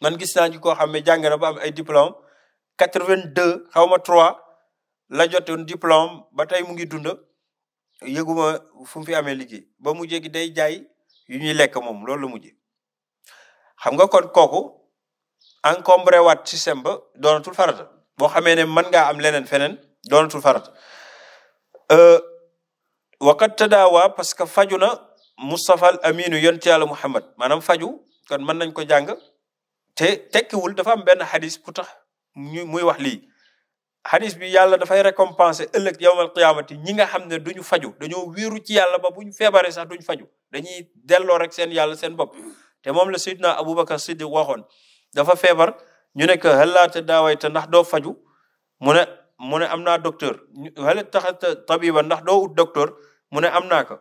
man gis naa ci koo xam ne jàng na ba am ay diplôme quatre-vingt-deux xaw trois la jot diplôme ba tey mu ngi dund yëguma fu mu fi amee liggéey ba mu jégi day jaay yu ñuy lekk moom loolu la mujjee xam nga kon kooku encombré waat système ba doonatul farata boo xamee ne mën ngaa am leneen feneen doonatul farata euh, waqat tadaawa parce que faju na Moustapha al Aminu yonent yàlla Muhammad maanaam faju kon mën nañ ko jàng te tekkiwul dafa am benn xadis bu muy wax lii xadis bi yàlla dafay récompenser ëllëg yowmal qiyaamati ñi nga xam ne du ñu faju dañoo wéeru ci yàlla ba buñu feebaree sax duñu faju dañuy delloo rek seen yàlla seen bopp te moom la sayidna abubakar siddiq waxoon dafa feebar ñu nekk que xalaata daawayta ndax doo faju mu ne mu ne am naa docteur xala taxata tabiba ndax doo ut mu ne am naa ko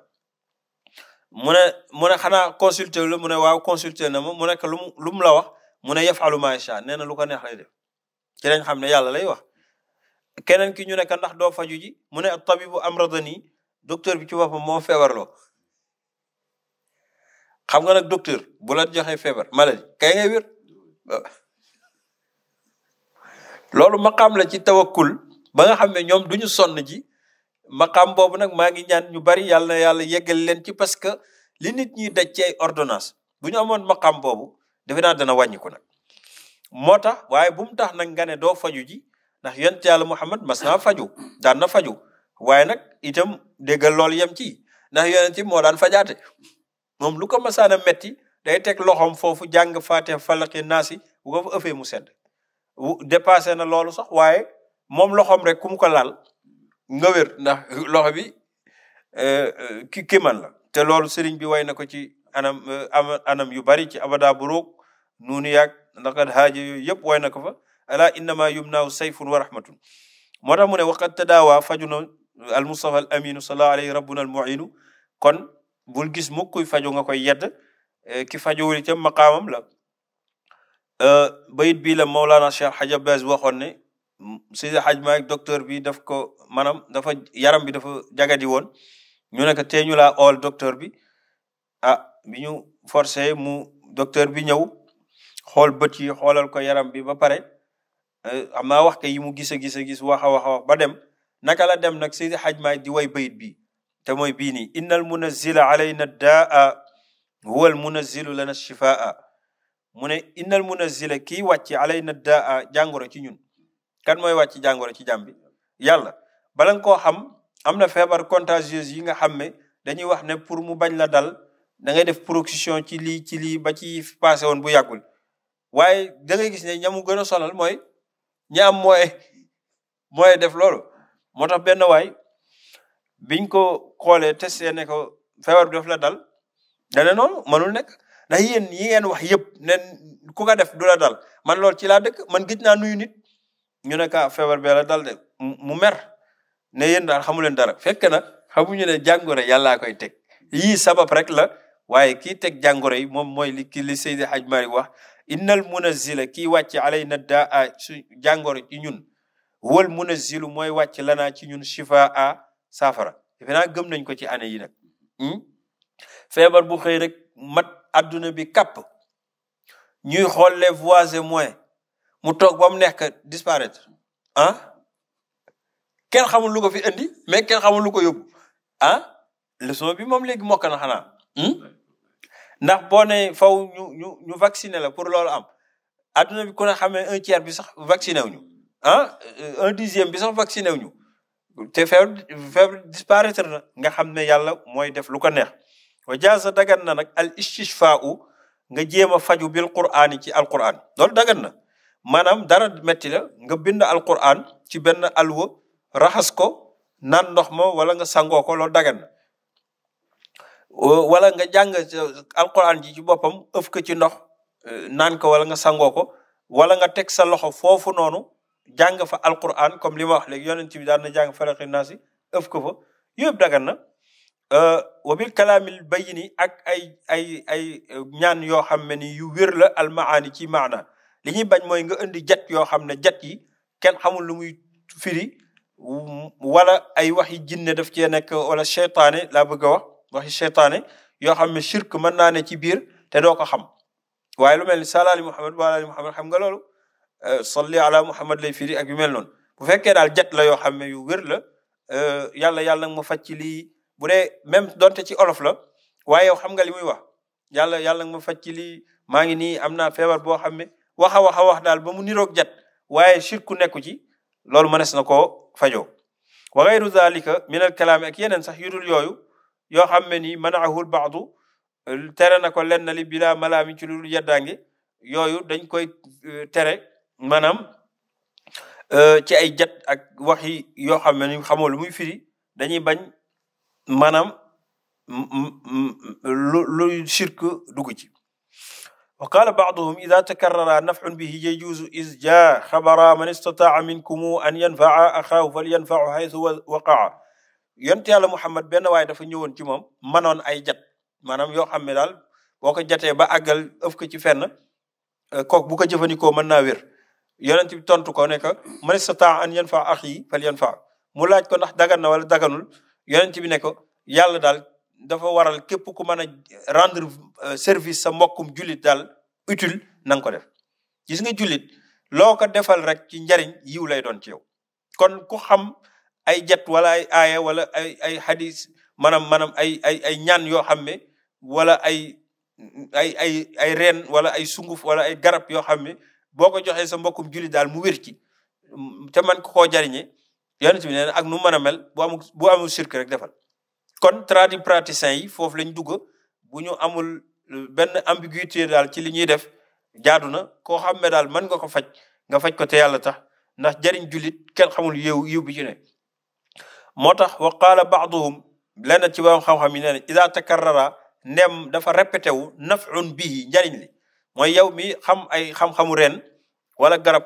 mu ne mu ne xanaa consulté la mu ne waaw consulté ne ma mu nekk lu mu lu mu la wax mu ne yafalu maa sha nee na lu ko neex lay def ci xam ne yàlla lay wax keneen ki ñu ne ndax doo faju ji mu ne tabibu amradani docteur bi ci boppam moo feebarloo xam nga nag docteur bu la joxee feebar maladie kay ngay wér loolu maqaam la ci tawakul ba nga xam ne ñoom duñu sonn ji makam boobu nag maa ngi ñaan ñu bari yàlla na yàlla yeggal leen ci parce que li nit ñi daj ci ay bu ñu amoon maqaam boobu defe naa dana wàññiku nag moo tax waaye bu tax nag nga ne doo faju ji ndax yonent yàlla Muhammad mas naa faju daan na faju waaye nag itam déggal lool yem ci ndax yonent moo daan fajaate moom lu ko masaana metti day teg loxoom foofu jàng faatiha falaqi naasi bu ko fa ëffee mu sedd dépassé na loolu sax waaye moom loxoom rek ku mu ko laal nga ndax loxo bi euh, euh, ki ki man te loolu sëriñ bi way na ko ci anam euh, anam yu bari ci abada bu roog nuunu yaag ndax haaji yooyu yëpp way ko fa ala innama yumnaahu sayfun wa rahmatun moo tax mu ne waqad tadaawa faju na al mustafa al aminu sallallahu alayhi rabbuna al kon bul gis mukk kuy faju nga koy yedd ki fajowul itam maqaamam la bayit bii la Mawlana Cheikh Hadj Abbas waxoon ne Sidi Hadj Malick docteur bi ko maanaam dafa yaram bi dafa jagadi woon ñu ne ko tee ñu laa ool docteur bi ah bi ñu forcé mu docteur bi ñëw xool bët xoolal ko yaram bi ba pare Euh, am wax ka yi mu gis a gis a gis wax a wax ba dem naka la dem nag Seydi Hajj Maalik di way bayit bi te mooy bii nii inna al munazzila na daa huwa al munazzilu lana shifaa mu ne inna al munazzila kii wàcc alayna daa jàngoro ci ñun kan mooy wàcc jàngoro ci jàmm bi yàlla bala nga koo xam am na feebar contagieuse yi nga xam ne dañuy wax ne pour mu bañ la dal da def protection ci lii ci lii ba ci passé woon bu yàggul waaye da ngay gis ne ñamu gën a sonal mooy ñi am mooy def loolu moo tax benn waay biñ ko xoolee testé ne ko feebar bi daf la dal dane noonu mënul nekk ndax yéen yi ngeen wax yëpp ne ku ko def du la dal man lool ci laa dëkk man gis naa nuyu nit ñu ne ka feebar bee la dal de mu mer ne yéen daal xamu leen dara fekk na xamuñu ne jàngoro yàllaa koy teg yii sabab rek la waaye kii teg jàngoro yi moom mooy li ki li Seydi Hajj Mari wax innal munazila kii wàcc alay na daa su jàngoro ci ñun wal munazilu mooy wàcc lanaa ci ñun shifa a saafara defe naa gëm nañ ko ci année yi nag hmm? feebar bu xëy rek mat adduna bi kàpp ñuy xool les voies et moyens mu toog ba mu nekk disparaître ah kenn xamul lu ko fi indi mais kenn xamul lu ko yóbbu ah leçon bi moom léegi mokk na xanaa hmm? ndax boo ne faw ñu ñu ñu vacciner la pour loolu am adduna bi ku ne xam ne un tiers bi sax vacciné wu ñu ah euh, un dixième bi sax vacciné wu ñu te feebar feebar na nga xam ne yàlla mooy def lu ko neex wa jaasa dagan na nag al istishfaa u nga jéem a faju bil qur'aan ci alqur'aan loolu dagan na maanaam dara metti la nga bind alqur'aan ci benn alwa raxas ko naan ndox ma wala nga sangoo ko loolu dagan wala nga jàng alquran ji ci boppam ëf ko ci ndox euh, naan ko wala nga sangoo ko wala nga teg sa loxo foofu noonu jàng fa alquran comme li ma wax léegi yonent bi daan na jàng faraxi naasi ëf ko fa yëpp dagan na euh, wa bil kalaamil bayini ak ay ay ay euh, ñaan yoo xam ne ni yu wér la almaani ci maana li ñuy bañ mooy nga indi jat yoo xam ne jat yi kenn xamul lu muy firi wala ay waxi jinne daf cee nekk wala seytaane laa bëgg a wax waxi seytaane yoo xam ne shirk mën naa ne ci biir te doo ko xam waaye lu mel ni salaali muhammad waalaali muhammad xam nga loolu euh, salli ala muhammad lay firi ak yu mel noonu bu fekkee daal jat la yoo xam ne yu wér la euh, yàlla yàlla nag ma faj ci lii bu dee même donte ci olof la waaye xam nga li muy wax yàlla yàlla nag faj ci lii maa ngi nii am naa feebar boo xam ne wax a wax a daal ba mu niroog jat waaye shirku nekku ci loolu mënees na ko fajoo wa gayru zalika min al kalaami ak yeneen sax yu dul yooyu yoo xam ne ni manaahul baadu euh, tere na ko lenn li bilaa malaami ci lu yeddaangi yooyu dañ koy euh, tere maanaam euh, ci ay jat ak wax yi yoo xam ne ni xamoo lu muy firi dañuy bañ maanaam lu lu shirk dugg ci wa qaala baaduhum ida takarrara nafcun bihi yajuusu is jaa xabara man istataa minkum an yanfaca axaahu falyanfacu xaytu waqaca yonent yàlla Muhammad benn waaye dafa ñëwoon ci moom manoon ay jat maanaam yoo xam ne daal boo ko jatee ba àggal ëf ko ci fenn euh, kook bu ko jëfandikoo mën naa wér yonent bi tontu ko ne que man istata an yanfa axi fal yanfa mu laaj ko ndax dagan na wala daganul yonent bi ne ko yàlla daal dafa waral képp ku mën a rendre euh, service sa mbokkum julit daal utile na nga ko def gis nga jullit loo ko defal rek ci njariñ yiw lay doon ci yow kon ku xam ay jat wala ay aaya wala ay ay xadis maanaam manam ay ay ay ñaan yoo xam ne wala ay ay ay ay reen wala ay sunguf wala ay garab yoo xam ne boo ko joxee sa mbokkum jullit daal mu wér ci te man ko koo jariñe yonent bi nee na ak nu mën a mel bu amul bu amul sirk rek defal kon tradipraticiens yi foofu lañ dugg bu ñu amul benn ambiguïté daal ci li ñuy def jaadu na koo xam ne daal mën nga ko faj nga faj ko te yàlla tax ndax jariñ julit kenn xamul yow yiw bi ci ne moo tax wa qaala baaduhum lenn ci borom xam-xam yi nee na ida takarrara ndem dafa répété wu nafun bihi njariñ li mooy yow mi xam ay xam-xamu ren wala garab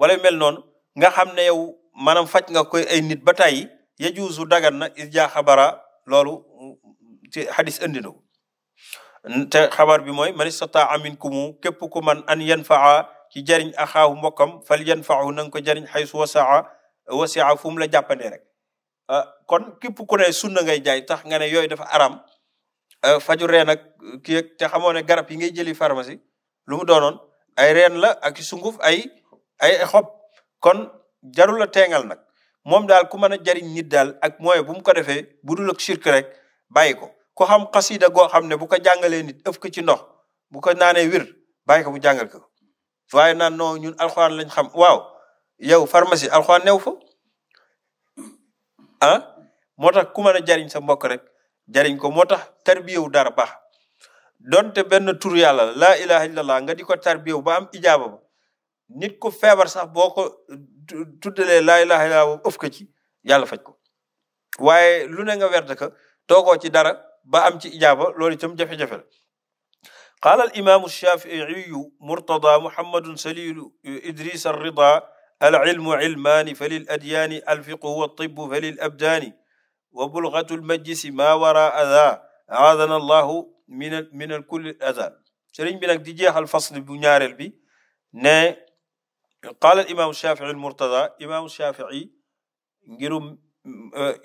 wala mel noonu nga xam ne yow maanaam faj nga koy ay nit ba tàyyi yajuusu dagan na irja xabara loolu ci xadis andi na ko te xabar bi mooy man istataa minkumu képp ku man an yanfaa ci jariñ axaahu mbokkam fal yanfaahu na nga ko jariñ xaysu wasaa wasia fu mu la jàppandee rek Euh, kon képp ku ne sunna ngay jaay tax nga ne yooyu dafa aram euh, faju reen ak kii te xamoo ne garab yi ngay jëli pharmacie lu mu doonoon ay reen la ak sunguf ay ay xob kon jarul la teengal nag moom daal ku mën a jariñ nit daal ak mooy bu mu ko defee bu dul ak sirk rek bàyyi ko ku xam xasida goo xam ne bu ko jàngalee nit ëf ko ci ndox bu ko naanee wir bàyyi bu jàngal ko waaye naan non ñun alxuraan lañ xam waaw yow pharmacie alxuraan new fa ah moo tax ku mën a jariñ sa mbokk rek jariñ ko moo tax tarbiyewu dara baax donte benn tur yàlla la laa ilaha illallah nga di ko tarbiyewu ba am ijaaba ba nit ku feebar sax boo ko tuddalee laa ilaha illallah ko ci yàlla faj ko waaye lu ne nga werd ka toogoo ci dara ba am ci ijaaba loolu itam jafe-jafe la qaala al imaamu shaafiiyu murtada muhammadun salilu idris arrida alilmu ilmaani fa lil adyaani alfiqhu waltibbu fa lil abdaani wa bulghatu lmajlisi maa wara ada aadana allahu min min alkulli ada sëriñ bi nag di jeexal fasl bu ñaareel bi ne qaala alimaamu shafii almurtada imaamu shafii ngirum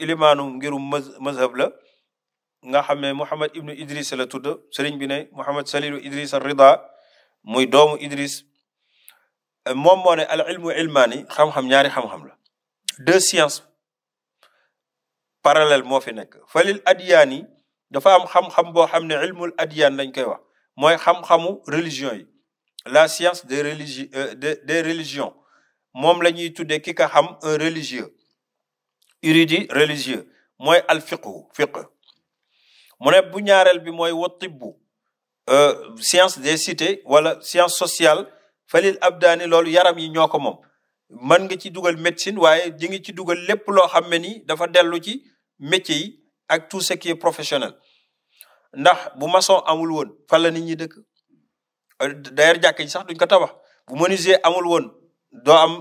ilimaanu ngirum mazhab la nga xam ne Mouhamed ibnu Idris la tudd sëriñ bi ne Mouhamed Salilu Idris ar-Rida muy doomu Idris moom moo al ilmu ilmaani xam-xam ñaari xam-xam la de sciences parallèle moo fi nekk falil adiyaan yi dafa am xam-xam boo xam ne ilmul adiyaan lañ koy wax mooy xam-xamu religion yi la science des religi euh, des des religions moom la ñuy tuddee ki ka xam un religieux érudit religieux mooy al fiqhu fiqh mu ne bu ñaareel bi mooy wa tibbu euh, science des cités wala science sociale falil abdaani loolu yaram yi ñoo ko moom man nga ci dugal médecine waaye di nga ci dugal lépp loo xam ne ni dafa dellu ci métier yi ak tout ce qui professionnel ndax bu maçon amul woon fan la nit ñi dëkk d'ailleurs jàkk sax duñ ko tabax bu menuisier amul woon doo am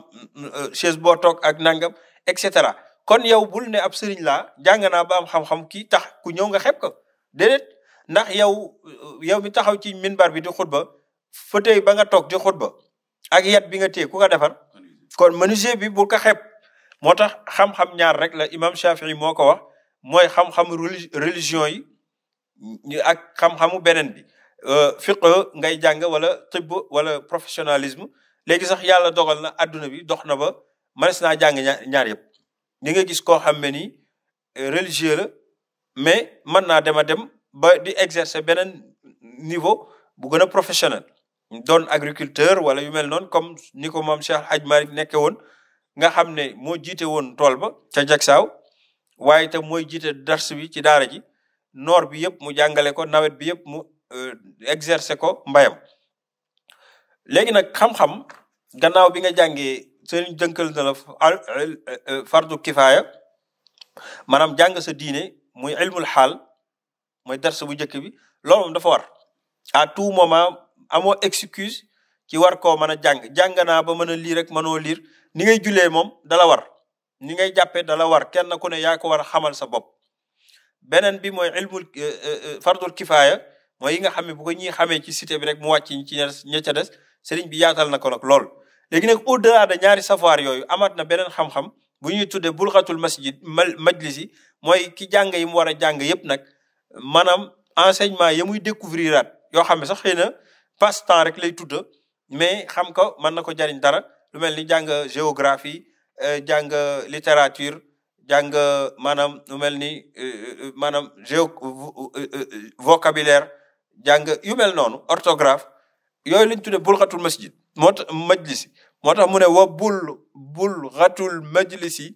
euh, chaise boo toog ak nangam et cetera kon yow bul ne ab sëriñ laa jàng ba am xam-xam kii tax ku ñëw nga xeeb ko déedéet ndax yow euh, yow mi taxaw ci minbar bi di xutba fauteuil ba nga toog di xutba ak yat bi nga téye ku ko defar kon menuisier bi bu ko xeeb moo tax xam-xam ñaar rek la imam Shafii moo ko wax mooy xam-xamu religion yi ak xam-xamu beneen bi euh, fiqh ngay jàng wala tibb wala professionnalisme léegi sax yàlla dogal na adduna bi dox na ba mënees naa jàng ñaar yëpp di nga gis koo xam ne nii euh, religieux la mais mën naa dem a dem ba di exercer beneen niveau bu gën a professionnel doon agriculteur wala yu mel noonu comme ni ko moom Cheikh Hadj Malick nekke woon nga xam ne moo jiite woon tool ba ca Jaksaaw waaye itam mooy jiite dars bi ci daara ji noor bi yëpp mu jàngale ko nawet bi yëpp mu euh, exercer ko mbayam léegi nag xam-xam gannaaw bi nga jàngee seen jënkal na la fardu kifaaya maanaam jàng sa diine muy ilmul xaal mooy dars bu njëkk bi loolu dafa war à tout amoo excuse ki war ko mën a jàng jàng ba mën a lii rek mënoo liir ni ngay julee moom dala war ni ngay jàppee dala war kenn ku ne yaa ko war a xamal sa bopp beneen bi mooy ilmul eh, eh, eh, fardul kifaaya mooy yi nga xam ne ko ñi xamee ci cité bi rek mu wàcc ci ña ca des sëriñ bi yaatal na ko nag lool léegi nag au delà ñaari savoir yooyu amaat na beneen xam-xam bu ñuy tuddee bulxatul masjid majlis yi mooy ki jàng yi mu war a jàng yépp nag maanaam enseignement ya muy découvrir aat yoo xam ne sax xëy na passe-temps rek lay tudda mais xam ko man na ko jariñ dara lu mel ni jàng géographie euh, jàng littérature jàng maanaam lu mel ni euh, euh, maanaam géo vocabulaire jàng yu mel noonu orthographe yooyu lañ tudde bulxatul masjid moo tax majlisi moo tax mu ne wa bul bulxatul majlisi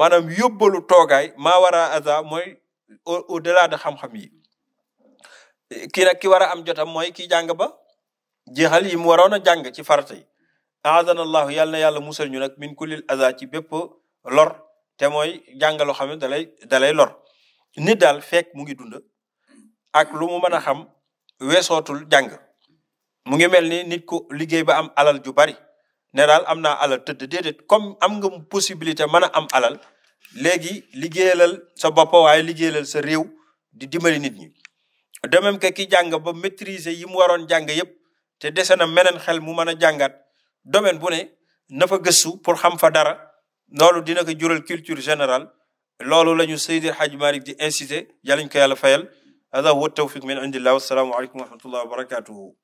maanaam yóbbalu toogaay maa war a aza mooy au delà xam-xam yi kii nag ki war a am jotam mooy kii jàng ba jeexal yi mu waroon a jàng ci farata yi aadana allahu yàlla na yàlla musal ñu nag min kullil aza ci bépp lor te mooy jàng loo xam ne dalay lor nit daal fek mu ngi dund ak lu mu mën a xam weesotul jàng mu ngi mel ni nit ku liggéey ba am alal ju bari ne daal am naa alal tëdd déedéet comme am nga possibilité mën a am alal léegi liggéeyalal sa bopp waaye liggéeyalal sa réew di dimbali nit ñi de même que ki jàng ba maîtriser yi mu waroon jàng yëpp te dese na meneen xel mu mën a jàngat domaine bu ne na gëstu pour xam fa dara loolu dina ko jural culture général loolu lañu ñu Seydi Hadj Malick di incité yàlla ñu ko yàlla fayal hada huwa tawfiq min indillah wassalaamu aleykum wa rahmatullahi wa barakatuhu